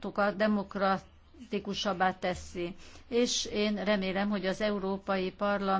folyamatokat demokratikusabbá teszi. És én remélem, hogy az Európai Parlament